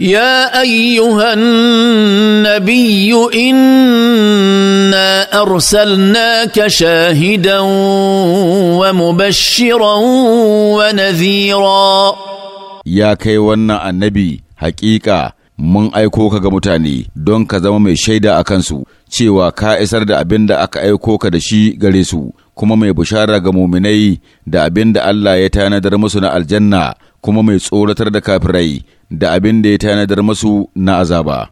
يا ايها النبي انا ارسلناك شاهدا ومبشرا ونذيرا يا كي ونا النبي حقيقه mun aiko ka ga mutane don ka zama mai shaida a kansu cewa ka isar da abin da aka aiko ka da shi gare su kuma mai bushara ga muminai da abin da Allah ya tanadar musu na aljanna kuma mai tsoratar da kafirai da abin da ya tanadar masu na azaba.